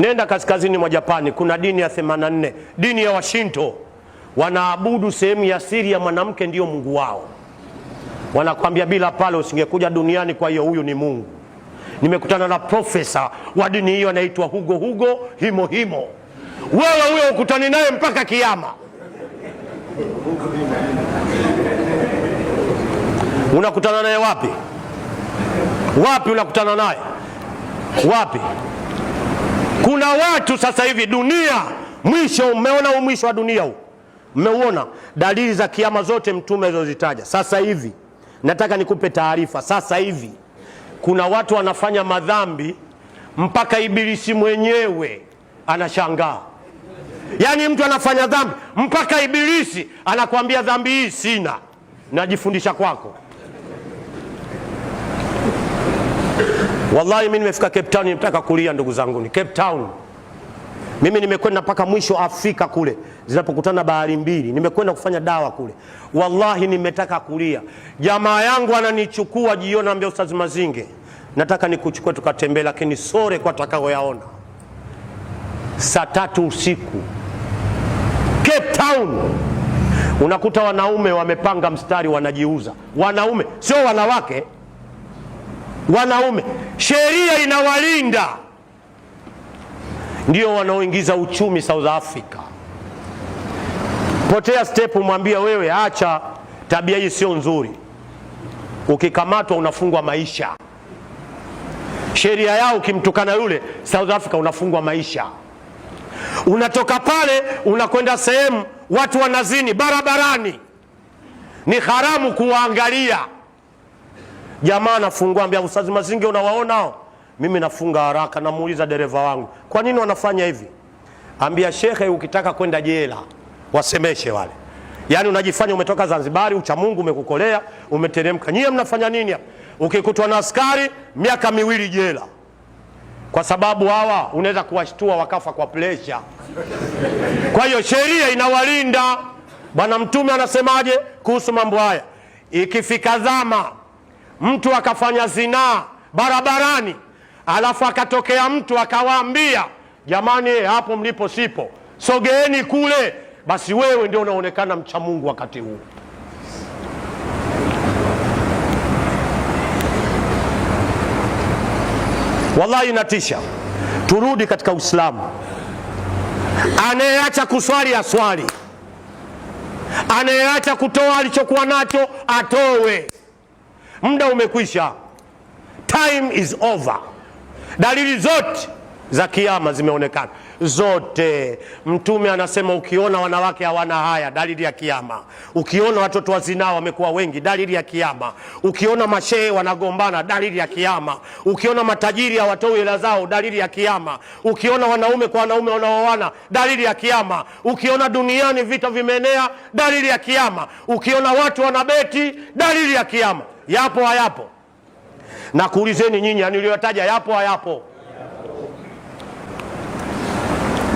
Nenda kaskazini mwa Japani, kuna dini ya 84 dini ya Washinto, wanaabudu sehemu ya siri ya mwanamke, ndiyo mungu wao. Wanakwambia bila pale usingekuja duniani, kwa hiyo huyu ni mungu. Nimekutana na profesa wa dini hiyo anaitwa Hugo Hugo Himo Himo. Wewe huyo ukutani naye mpaka kiama. Unakutana naye wapi? Wapi unakutana naye wapi? Kuna watu sasa hivi dunia mwisho, mmeona mwisho wa dunia huu, mmeuona dalili za kiama zote mtume alizozitaja. Sasa hivi nataka nikupe taarifa, sasa hivi kuna watu wanafanya madhambi mpaka ibilisi mwenyewe anashangaa. Yaani mtu anafanya dhambi mpaka ibilisi anakuambia dhambi hii sina, najifundisha kwako. Wallahi mimi nimefika Cape Town nimetaka kulia ndugu zangu, ni Cape Town. Mimi nimekwenda mpaka mwisho Afrika kule zinapokutana bahari mbili, nimekwenda kufanya dawa kule. Wallahi nimetaka kulia. Jamaa yangu ananichukua jioni, anambia Ustaz Mazinge, nataka nikuchukue tukatembee, lakini sore kwa takaoyaona Saa tatu usiku Cape Town unakuta wanaume wamepanga mstari, wanajiuza. Wanaume sio wanawake wanaume, sheria inawalinda, ndio wanaoingiza uchumi South Africa. Potea step, mwambia wewe, acha tabia hii, sio nzuri. Ukikamatwa unafungwa maisha. Sheria yao, ukimtukana yule South Africa unafungwa maisha. Unatoka pale unakwenda sehemu watu wanazini barabarani, ni haramu kuwaangalia. Jamaa anafungua ambia Ustazi Mazinge, unawaona hao? Mimi nafunga haraka, namuuliza dereva wangu, kwa nini wanafanya hivi? Ambia shekhe, ukitaka kwenda jela wasemeshe wale. Yaani unajifanya umetoka Zanzibari, uchamungu umekukolea, umeteremka. Nyie mnafanya nini hapa? Ukikutwa na askari miaka miwili jela, kwa sababu hawa unaweza kuwashtua wakafa kwa presha. Kwa hiyo sheria inawalinda. Bwana Mtume anasemaje kuhusu mambo haya? Ikifika zama mtu akafanya zinaa barabarani, alafu akatokea mtu akawaambia, jamani, hapo mlipo sipo, sogeeni kule, basi wewe ndio unaonekana mcha Mungu wakati huu. Wallahi natisha Turudi katika Uislamu. Anayeacha kuswali aswali, anayeacha kutoa alichokuwa nacho atowe muda umekwisha, time is over. Dalili zote za kiama zimeonekana zote. Mtume anasema ukiona wanawake hawana haya, dalili ya kiama. Ukiona watoto wazinao wamekuwa wengi, dalili ya kiama. Ukiona mashehe wanagombana, dalili ya kiama. Ukiona matajiri hawatoi hela zao, dalili ya kiama. Ukiona wanaume kwa wanaume wanaoana, dalili ya kiama. Ukiona duniani vita vimeenea, dalili ya kiama. Ukiona watu wanabeti, dalili ya kiama yapo hayapo? Na kuulizeni nyinyi, aniliyotaja yapo hayapo?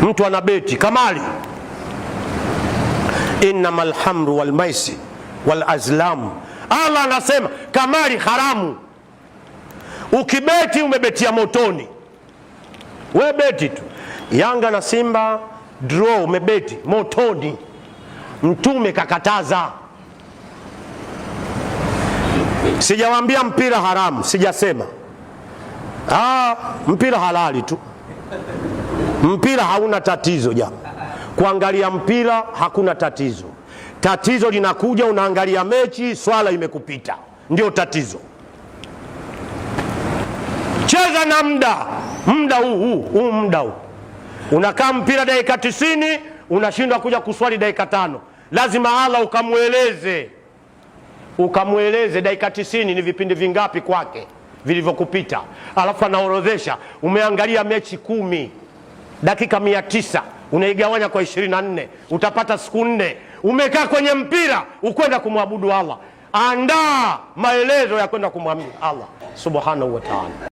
Mtu ana beti kamali, innamal hamru wal maisi wal azlam. Allah anasema kamali haramu. Ukibeti umebetia motoni. We beti tu Yanga na Simba draw, umebeti motoni. Mtume kakataza sijawambia mpira haramu, sijasema. Ah, mpira halali tu, mpira hauna tatizo jambo. Kuangalia mpira hakuna tatizo. Tatizo linakuja unaangalia mechi, swala imekupita, ndio tatizo. Cheza na muda, muda huu huu huu, muda huu unakaa mpira dakika tisini, unashindwa kuja kuswali dakika tano, lazima ala ukamweleze ukamweleze dakika tisini ni vipindi vingapi kwake vilivyokupita, alafu anaorodhesha. Umeangalia mechi kumi, dakika mia tisa unaigawanya kwa ishirini na nne utapata siku nne. Umekaa kwenye mpira ukwenda kumwabudu Allah, andaa maelezo ya kwenda kumwamini Allah subhanahu wa ta'ala.